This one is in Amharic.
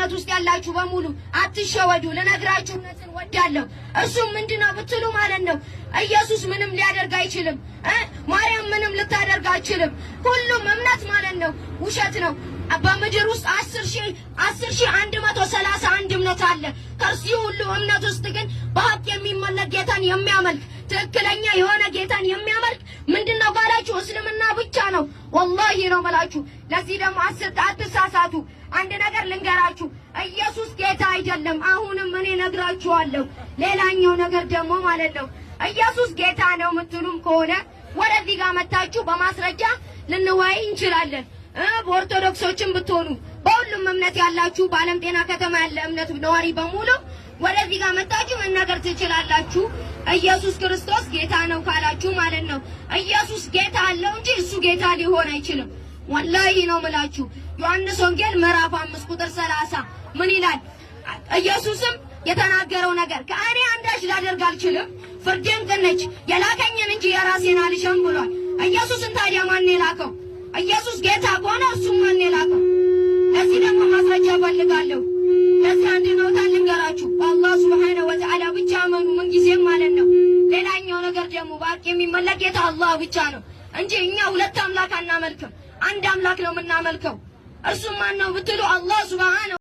ነት ውስጥ ያላችሁ በሙሉ አትሸወዱ። ልነግራችሁ እምነትን ወዳለሁ። እሱም ምንድነው ብትሉ ማለት ነው ኢየሱስ ምንም ሊያደርግ አይችልም። ማርያም ምንም ልታደርግ አይችልም። ሁሉም እምነት ማለት ነው ውሸት ነው። በምድር ውስጥ አስር ሺ አስር ሺ አንድ መቶ ሰላሳ አንድ እምነት አለ። ከዚህ ሁሉ እምነት ውስጥ ግን በሀቅ የሚመለክ ጌታን የሚያመልክ ትክክለኛ የሆነ ጌታ ነው። ወላሂ ነው መላችሁ። ለዚህ ደግሞ አትሳሳቱ። አንድ ነገር ልንገራችሁ፣ ኢየሱስ ጌታ አይደለም። አሁንም እኔ ነግራችኋለሁ። ሌላኛው ነገር ደግሞ ማለት ነው ኢየሱስ ጌታ ነው የምትሉም ከሆነ ወደዚህ ጋር መታችሁ በማስረጃ ልንወያይ እንችላለን። በኦርቶዶክሶችም ብትሆኑ በሁሉም እምነት ያላችሁ በዓለም ጤና ከተማ ያለ እምነት ነዋሪ በሙሉ ወደዚህ ጋር መጣችሁ መናገር ትችላላችሁ። ኢየሱስ ክርስቶስ ጌታ ነው ካላችሁ ማለት ነው። ኢየሱስ ጌታ አለው እንጂ እሱ ጌታ ሊሆን አይችልም። ወላሂ ነው ምላችሁ። ዮሐንስ ወንጌል ምዕራፍ 5 ቁጥር 30 ምን ይላል? ኢየሱስም የተናገረው ነገር ከእኔ አንዳች ላደርግ አልችልም፣ ፍርዴም ቅንች የላከኝን እንጂ የራሴን አልሻም ብሏል። ኢየሱስን ታዲያ ማን የላከው? ኢየሱስ ጌታ ከሆነ እሱም ማን የላከው? እዚህ ደግሞ ማስረጃ እፈልጋለሁ። ነገር ደግሞ በሀቅ የሚመለክ ጌታ አላህ ብቻ ነው እንጂ እኛ ሁለት አምላክ አናመልክም። አንድ አምላክ ነው የምናመልከው። እርሱም ማን ነው ብትሉ አላህ ሱብሃነ